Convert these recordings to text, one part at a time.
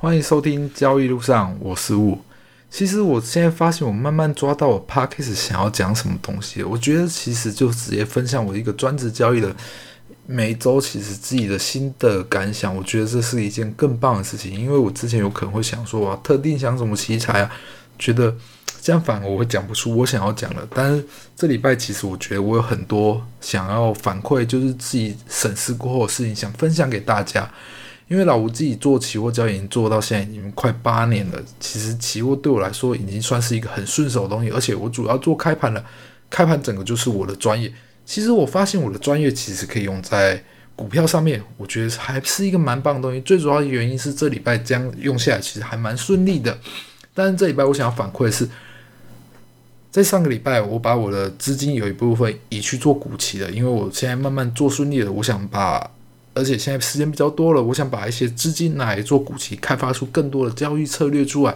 歡迎收聽交易路上，我是吳。其實我現在發現，我慢慢抓到我 podcast 想要講什麼東西。我覺得其實就直接分享我一個專職交易的每一周其實自己的新的感想。我覺得這是一件更棒的事情，因為我之前有可能會想說要、啊、特定想什麼題材啊，覺得這樣反而我會講不出我想要講的。但是這禮拜其實我覺得我有很多想要反饋，就是自己審視過後的事情，想分享給大家。因為老吳自己做期貨交易已經做到現在已經快八年了，其實期貨對我來說已經算是一個很順手的東西，而且我主要做開盤了，開盤整個就是我的專業。其實我發現我的專業其實可以用在股票上面，我覺得還是一個蠻棒的東西。最主要的原因是這禮拜這樣用下來，其實還蠻順利的。但是這禮拜我想要反饋的是，在上個禮拜我把我的資金有一部分移去做股期了，因為我現在慢慢做順利了，我想把。而且現在時間比較多了，我想把一些資金拿來做股期，開發出更多的交易策略出來。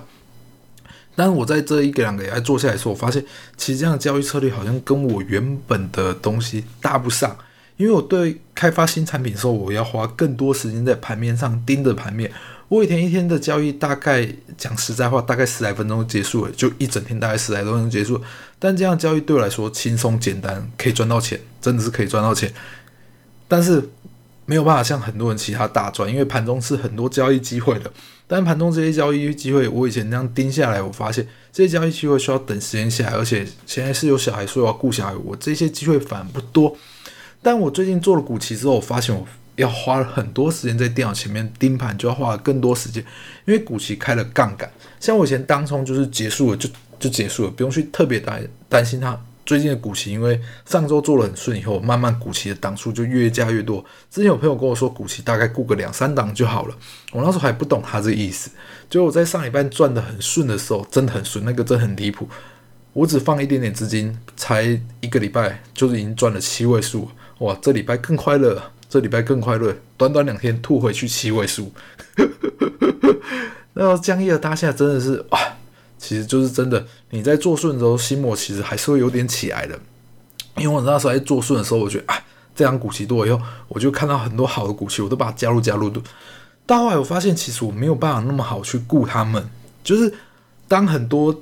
但我在這一個兩個月做下來的時候，我發現其實這樣的交易策略好像跟我原本的東西搭不上，因為我對開發新產品的時候，我要花更多時間在盤面上盯着盤面。我以前一天的交易大概講實在話，大概十來分鐘就結束了，就一整天大概十來分鐘就結束了。但這樣交易對我來說輕鬆簡單，可以賺到錢，真的是可以賺到錢。但是。沒有辦法像很多人其他大賺，因為盤中是很多交易機會的。但盤中這些交易機會，我以前那樣盯下來，我發現這些交易機會需要等時間下來。而且現在是有小孩，說要顧小孩，我這些機會反而不多。但我最近做了股期之後，我發現我要花了很多時間在電腦前面盯盤，就要花更多時間，因為股期開了槓桿。像我以前當沖就是結束了，就就結束了，不用去特別擔擔心它。最近的股期，因為上周做了很順，以後慢慢股期的檔數就越加越多。之前有朋友跟我說，股期大概顧個兩三檔就好了。我那時候還不懂他這個意思。就我在上禮拜賺的很順的時候，真的很順，那個真很離譜。我只放一點點資金，才一個禮拜就是已經賺了七位數。哇，這禮拜更快樂，這禮拜更快樂。短短兩天吐回去七位數，然後江一的當下真的是哇。其實就是真的，你在做順的時候，心魔其實還是會有點起來的。因為我那時候在做順的時候，我覺得啊，這樣股息多了以後，我就看到很多好的股息，我都把它加入加入到後來我發現，其實我沒有辦法那麼好去顧他們。就是當很多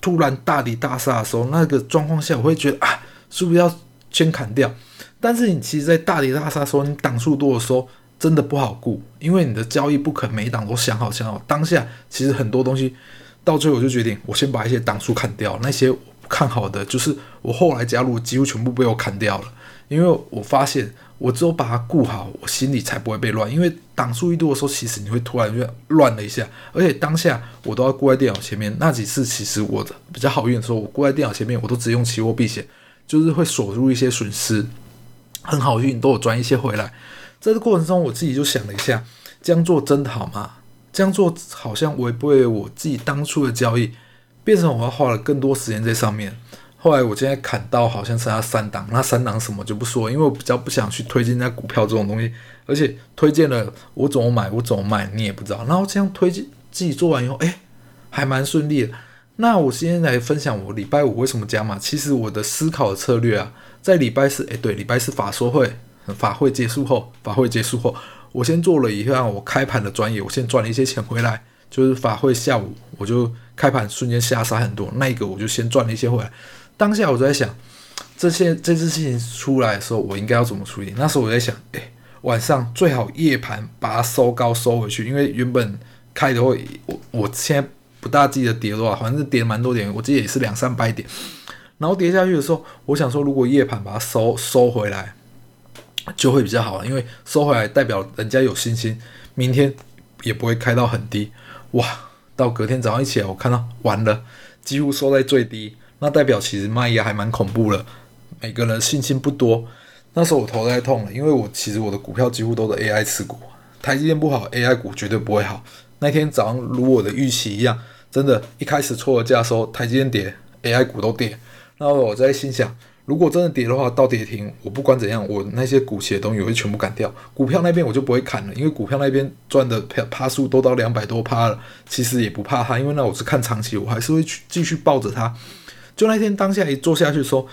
突然大跌大殺的時候，那個狀況下我會覺得啊，是不是要先砍掉？但是你其實，在大跌大殺的時候，你檔數多的時候，真的不好顧，因為你的交易不可每檔都想好想好。當下其實很多東西。到最後我就決定，我先把一些檔數砍掉，那些不看好的，就是我後來加入，幾乎全部被我砍掉了。因為我發現，我只有把它顧好，我心裡才不會被亂。因為檔數一度的時候，其實你會突然就亂了一下。而且當下我都要顧在電腦前面，那幾次其實我的比較好運的時候，我顧在電腦前面，我都只用期貨避險，就是會鎖住一些損失。很好運，都有賺一些回來。在這個過程中，我自己就想了一下，這樣做真的好嗎？這樣做好像違背我自己當初的交易，變成我要花了更多時間在上面。後來我今天砍到，好像剩下三檔，那三檔什麼就不說，因為我比較不想去推薦在股票這種東西，而且推薦了我怎麼買，我怎麼賣你也不知道。然後這樣推薦自己做完以後，哎，還蠻順利的。那我先來分享我禮拜五為什麼加碼。其實我的思考的策略啊，在禮拜四，哎對，禮拜四法說會，法會結束後，法會結束後。我先做了一下我開盤的專業，我先賺了一些錢回來。就是法會下午，我就開盤瞬間下殺很多，那一個我就先賺了一些回來。當下我就在想，這些這次事情出來的時候，我應該要怎麼處理？那時候我在想，哎、欸，晚上最好夜盤把它收高收回去，因為原本開的話，我我現在不大記得跌多少，反正跌了蠻多點，我記得也是兩三百點。然後跌下去的時候，我想說，如果夜盤把它收收回來。就會比較好，因為收回來代表人家有信心，明天也不會開到很低。哇，到隔天早上一起來，我看到完了，幾乎收在最低，那代表其實賣壓還蠻恐怖了，每個人信心不多。那時候我頭在痛了，因為我其實我的股票幾乎都是 AI 持股，台積電不好，AI 股絕對不會好。那天早上如我的預期一樣，真的，一開始撮了價收，台積電跌，AI 股都跌，那我在心想。如果真的跌的話，到跌停，我不管怎樣，我那些股息的東西我會全部砍掉。股票那邊我就不會砍了，因為股票那邊賺的趴數都到兩百多趴了，其實也不怕它，因為那我是看長期，我還是會去繼續抱着它。就那天當下一做下去說。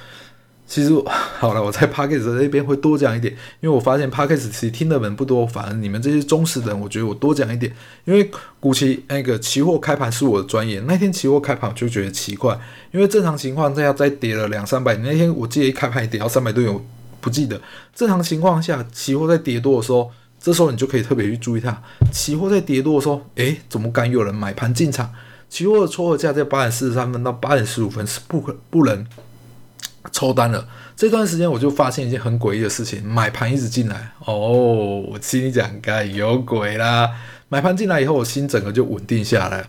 其實好了，我在帕克斯那邊會多講一點，因為我發現帕克斯其實聽的人不多，反而你們這些忠實的人，我覺得我多講一點。因為過去那個期貨開盤是我的專業，那天期貨開盤我就覺得奇怪，因為正常情況下要再跌了兩三百，那天我記得一開盤跌到三百多點，我不記得。正常情況下，期貨在跌多的時候，這時候你就可以特別去注意它。期貨在跌多的時候，誒，怎麼敢有人買盤進場？期貨的撮合價在八點四十三分到八點十五分是不可不能。抽單了，這段時間我就發現一件很詭異的事情，買盤一直進來。哦，我心裡講該有鬼啦！買盤進來以後，我心整個就穩定下來。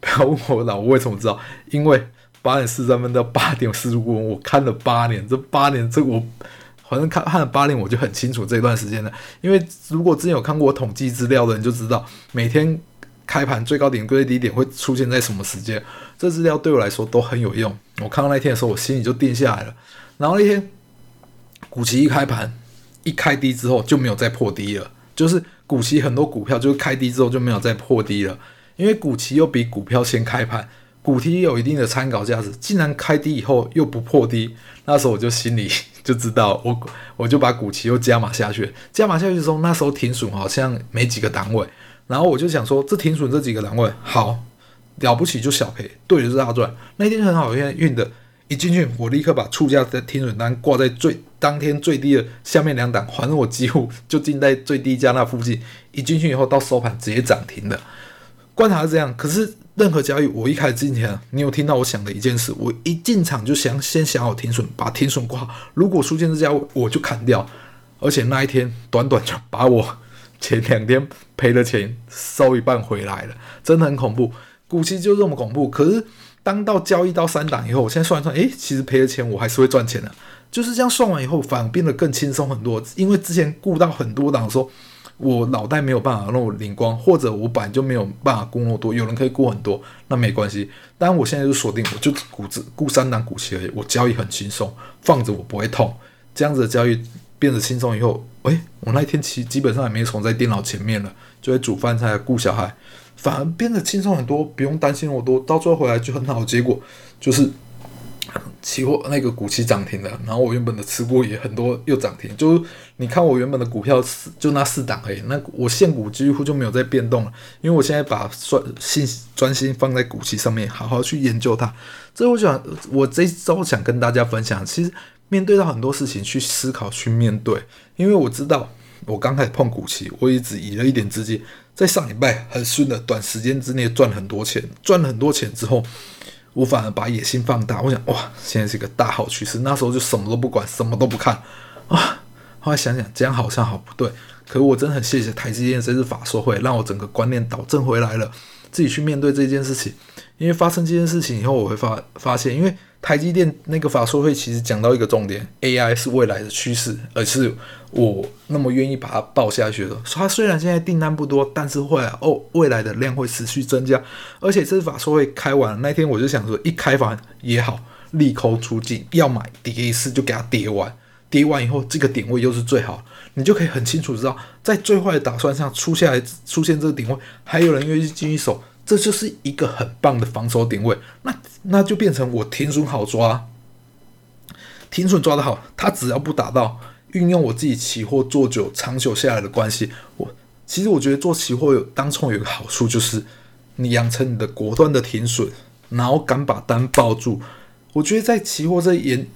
不要問我老，老我為什麼知道？因為八點四三分到八點四十五分，我看了八年，這八年這我反正看看了八年，我就很清楚這段時間了。因為如果之前有看過我統計資料的人就知道，每天。開盤最高點、最低點會出現在什麼時間？這資料對我來說都很有用。我看到那天的時候，我心裡就定下來了。然後那天，股期一開盤，一開低之後就沒有再破低了。就是股期很多股票就是開低之後就沒有再破低了，因為股期又比股票先開盤，股期有一定的參考價值。既然開低以後又不破低，那時候我就心裡 就知道，我我就把股期又加碼下去。加碼下去的時候，那時候停損好像沒幾個檔位。然後我就想說，這停損這幾個檔位好了，不起就小賠，對的就大賺。那一天很好運運的，一進去我立刻把出價的停損單掛在最當天最低的下面兩檔，反正我幾乎就進在最低價那附近。一進去以後到收盤直接漲停的，觀察是這樣。可是任何交易，我一開始進前，你有聽到我想的一件事，我一進場就想先想好停損，把停損掛好，如果出現這家我就砍掉。而且那一天短短就把我。前兩天賠了錢收一半回來了，真的很恐怖。股期就這麼恐怖。可是當到交易到三檔以後，我現在算一算，誒，其實賠了錢我還是會賺錢的啊。就是這樣算完以後，反而變得更輕鬆很多。因為之前顧到很多檔的時候，說我腦袋沒有辦法讓我靈光，或者我本來就沒有辦法顧那麼多，有人可以顧很多，那沒關係。但我現在就鎖定，我就股只顧三檔股期而已。我交易很輕鬆，放着我不會痛。這樣子的交易變得輕鬆以後。誒、欸，我那一天其基本上也沒從在電腦前面了，就在煮飯菜、顧小孩，反而變得輕鬆很多，不用擔心我多。到最後回來就很好，結果就是期貨那個股期漲停了，然後我原本的持股也很多又漲停，就你看我原本的股票就那四檔而已，那我現股幾乎就沒有在變動了，因為我現在把專心專心放在股期上面，好好去研究它。所以我想，我這周想跟大家分享，其實。面對到很多事情去思考去面對，因為我知道我剛開始碰股期，我一直移了一點資金，在上禮拜很順的短時間之內賺了很多錢，賺了很多錢之後，我反而把野心放大，我想哇，現在是一個大好趨勢，那時候就什麼都不管，什麼都不看，哇！後來想想這樣好像好不對，可我真的很謝謝台積電這次法說會，讓我整個觀念導正回來了。自己去面對這件事情，因為發生這件事情以後，我會發發現，因為台積電那個法說會其實講到一個重點，AI 是未來的趨勢，而是我那麼願意把它抱下去的。它雖然現在訂單不多，但是會哦未來的量會持續增加，而且這次法說會開完那天，我就想說，一開完也好，利空出盡，要買跌一次就給它跌完。跌完以後，這個點位又是最好，你就可以很清楚知道，在最壞的打算上出現，來出現這個點位，還有人願意進去守，這就是一個很棒的防守點位。那那就變成我停損好抓，啊，停損抓得好，他只要不打到，運用我自己期貨做久長久下來的關係，我其實我覺得做期貨有當沖有個好處就是，你養成你的果斷的停損，然後敢把單抱住，我覺得在期貨這研。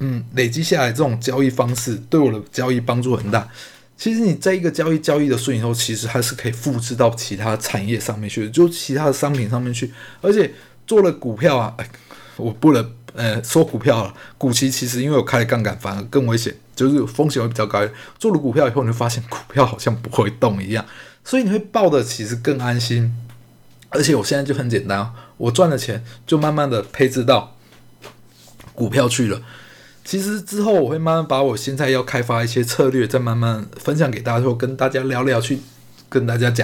嗯，累積下來這種交易方式對我的交易幫助很大。其實你在一個交易交易的順序以後，其實還是可以複製到其他產業上面去，就其他的商品上面去。而且做了股票啊，我不能呃說股票了，股期其實因為我開了槓桿反而更危險，就是風險會比較高。做了股票以後，你就發現股票好像不會動一樣，所以你會抱得其實更安心。而且我現在就很簡單哦，我賺的錢就慢慢的配置到股票去了。其實之後我會慢慢把我現在要開發一些策略，再慢慢分享給大家之後，跟大家聊聊去跟大家講，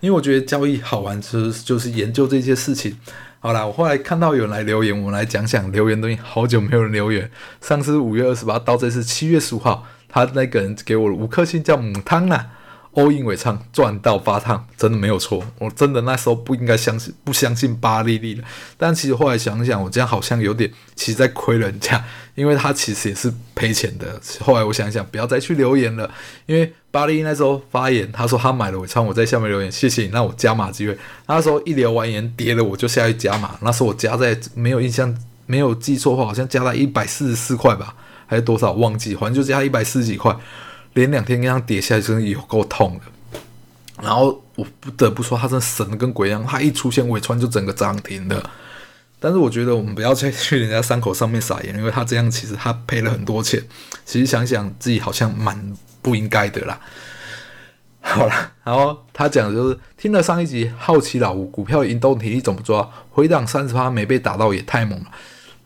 因為我覺得交易好玩、就是，其實就是研究這些事情。好啦，我後來看到有人來留言，我來講講留言東西。好久沒有人留言，上次五月二十八到這次七月十五號，他那個人給我五顆星，叫母湯啦。All in 尾唱賺到發燙，真的沒有錯。我真的那時候不應該相信不相信巴利利的，但其實後來想一想，我這樣好像有點，其實在虧人家，因為他其實也是賠錢的。後來我想一想，不要再去留言了，因為巴利那時候發言，他說他買了尾唱，我在下面留言，謝謝你讓我加碼機會。那時候一留完言跌了，我就下去加碼。那時候我加在沒有印象，沒有記錯的話，好像加了一百四十四塊吧，還是多少忘記，反正就加一百四十幾塊。連兩天這樣跌下來，真的有夠痛的。然後我不得不說，他真的神的跟鬼一樣，他一出現，尾川就整個漲停的。但是我覺得我們不要再去人家傷口上面撒鹽，因為他這樣其實他賠了很多錢。其實想想自己好像蠻不應該的啦。好啦，然後他講的就是聽了上一集，好奇老吳股票贏動體力怎麼抓回30，回檔三十趴沒被打到也太猛了。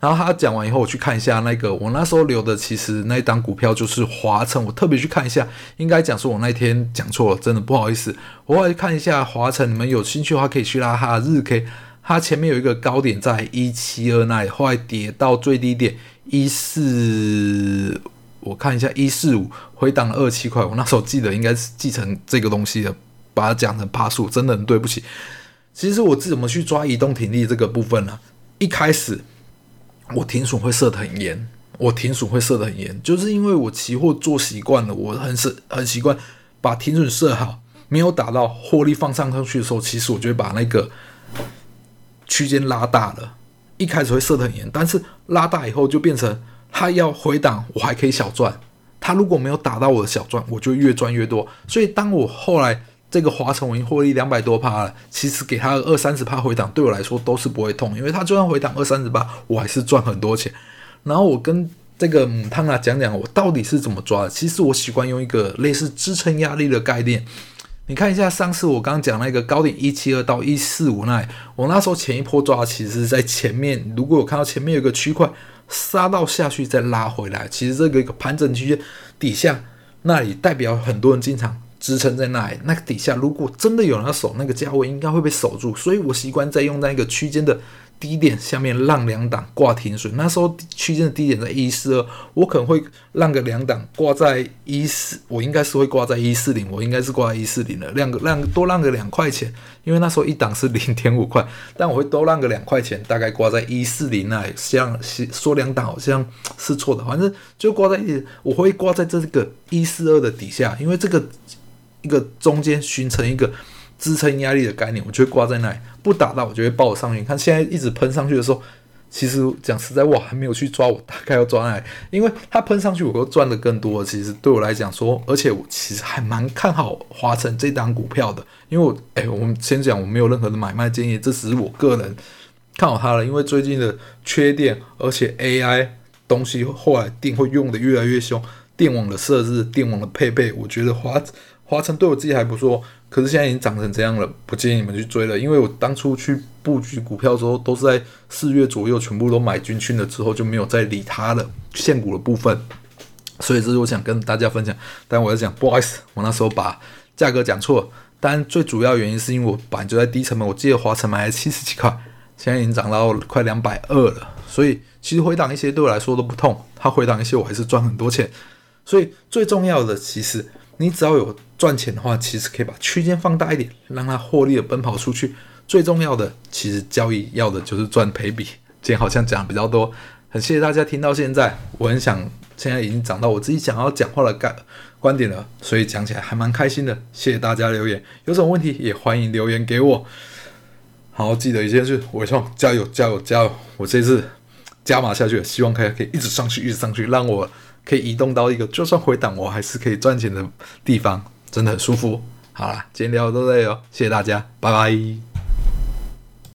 然後他講完以後，我去看一下那個我那時候留的，其實那一檔股票就是華城。我特別去看一下，應該講說我那天講錯了，真的不好意思。我來看一下華城，你們有興趣的話可以去拉它，日 K。它前面有一個高點在一七二那裡，後來跌到最低點一四，我看一下一四五，回檔二七塊。我那時候記得應該是記成這個東西了，把它講成趴數，真的很對不起。其實我自己怎麼去抓移動停利這個部分呢、啊？一開始。我停損會設的很嚴，我停損會設的很嚴，就是因為我期貨做習慣了，我很是很習慣把停損設好。沒有打到獲利放上上去的時候，其實我就會把那個區間拉大了，一開始會設的很嚴，但是拉大以後就變成他要回檔，我還可以小賺。他如果沒有打到我的小賺，我就越賺越多。所以當我後來。這個華城我已經獲利兩百多趴了。其實給它二三十趴回檔，對我來說都是不會痛，因為它就算回檔二三十趴，我還是賺很多錢。然後我跟這個母湯啊講講，我到底是怎麼抓的。其實我喜歡用一個類似支撐壓力的概念。你看一下上次我剛講那個高點一七二到一四五那裡，我那時候前一波抓，其實在前面，如果我看到前面有個區塊殺到下去再拉回來，其實這個一個盤整區域底下那裡代表很多人經常，支撐在那裡，那個底下如果真的有人要守，那個價位應該會被守住。所以我習慣在用那個區間的低點下面讓兩檔掛停損。那時候區間的低點在一四二，我可能會讓個兩檔掛在一四，我應該是會掛在一四零，我應該是掛在一四零了，個讓個讓多讓個兩塊錢，因為那時候一檔是零點五塊，但我會多讓個兩塊錢，大概掛在一四零那裡。像是說兩檔好像是錯的，反正就掛在一我會掛在這個一四二的底下，因為這個。一個中間形成一個支撐壓力的概念，我就會掛在那裡，不打到我就會報上去。你看現在一直噴上去的時候，其實講實在話，我還沒有去抓，我大概要抓那裡，因為它噴上去，我都賺的更多。其實對我來講說，而且我其實還蠻看好華城這檔股票的，因為我誒，我們先講，我沒有任何的買賣建議，這只是我個人看好它了。因為最近的缺電，而且 AI 東西後來電會用的越來越凶，電網的設置、電網的配備，我覺得華。華晨對我自己還不錯，可是現在已經漲成這樣了，不建議你們去追了。因為我當初去佈局股票的時候，都是在四月左右全部都買進去的，之後就沒有再理它了。現股的部分，所以這是我想跟大家分享。但我要講，不好意思，我那時候把價格講錯。但最主要原因是因為我本就在低成本，我記得華城買還是七十幾塊，現在已經漲到快兩百二了。所以其實回檔一些對我來說都不痛，它回檔一些我還是賺很多錢。所以最重要的其實。你只要有賺錢的話，其實可以把區間放大一點，讓它獲利的奔跑出去。最重要的其實交易要的就是賺賠比。今天好像講比較多，很謝謝大家聽到現在，我很想現在已經講到我自己想要講話的概觀點了，所以講起來還蠻開心的。謝謝大家留言，有什麼問題也歡迎留言給我。好，記得一件事，偉創加油加油加油！我這次加碼下去，希望大家可以一直上去，一直上去，讓我。可以移動到一個就算回檔我還是可以賺錢的地方，真的很舒服。好啦，今天聊到這裡哦，謝謝大家，拜拜。